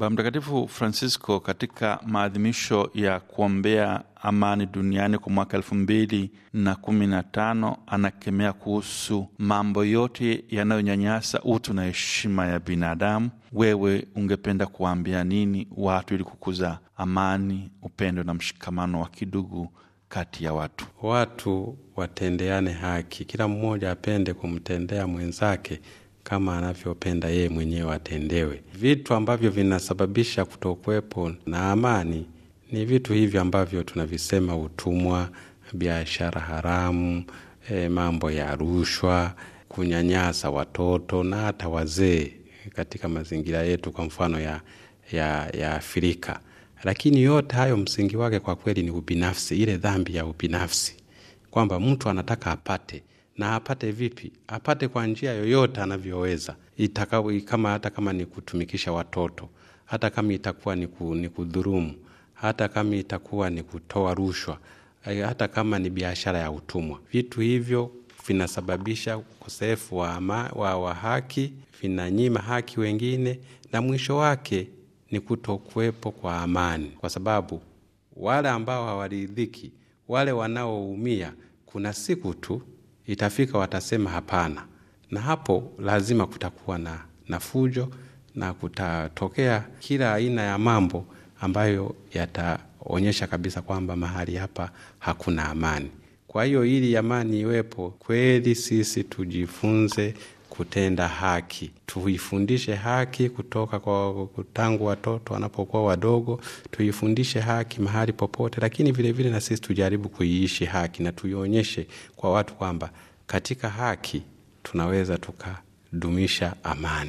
Baba Mtakatifu Francisco katika maadhimisho ya kuombea amani duniani kwa mwaka elfu mbili na kumi na tano anakemea kuhusu mambo yote yanayonyanyasa utu na heshima ya binadamu. Wewe ungependa kuwaambia nini watu ili kukuza amani, upendo na mshikamano wa kidugu kati ya watu? Watu watendeane haki, kila mmoja apende kumtendea mwenzake kama anavyopenda yeye mwenyewe atendewe. Vitu ambavyo vinasababisha kutokuwepo na amani ni vitu hivyo ambavyo tunavisema utumwa, biashara haramu, e, mambo ya rushwa, kunyanyasa watoto na hata wazee katika mazingira yetu, kwa mfano ya, ya, ya Afrika. Lakini yote hayo msingi wake kwa kweli ni ubinafsi, ile dhambi ya ubinafsi, kwamba mtu anataka apate na apate vipi? Apate kwa njia yoyote anavyoweza itakawi, kama hata kama ni kutumikisha watoto, hata kama itakuwa ni, ku, ni kudhurumu, hata kama itakuwa ni kutoa rushwa, eh, hata kama ni biashara ya utumwa. Vitu hivyo vinasababisha ukosefu wa, wa, wa haki, vinanyima haki wengine, na mwisho wake ni kutokuwepo kwa amani, kwa sababu wale ambao hawaridhiki, wale wanaoumia, kuna siku tu itafika watasema hapana, na hapo lazima kutakuwa na, na fujo na kutatokea kila aina ya mambo ambayo yataonyesha kabisa kwamba mahali hapa hakuna amani. Kwa hiyo ili amani iwepo kweli, sisi tujifunze kutenda haki. Tuifundishe haki kutoka kwa tangu watoto wanapokuwa wadogo, tuifundishe haki mahali popote, lakini vilevile vile na sisi tujaribu kuiishi haki na tuionyeshe kwa watu kwamba katika haki tunaweza tukadumisha amani.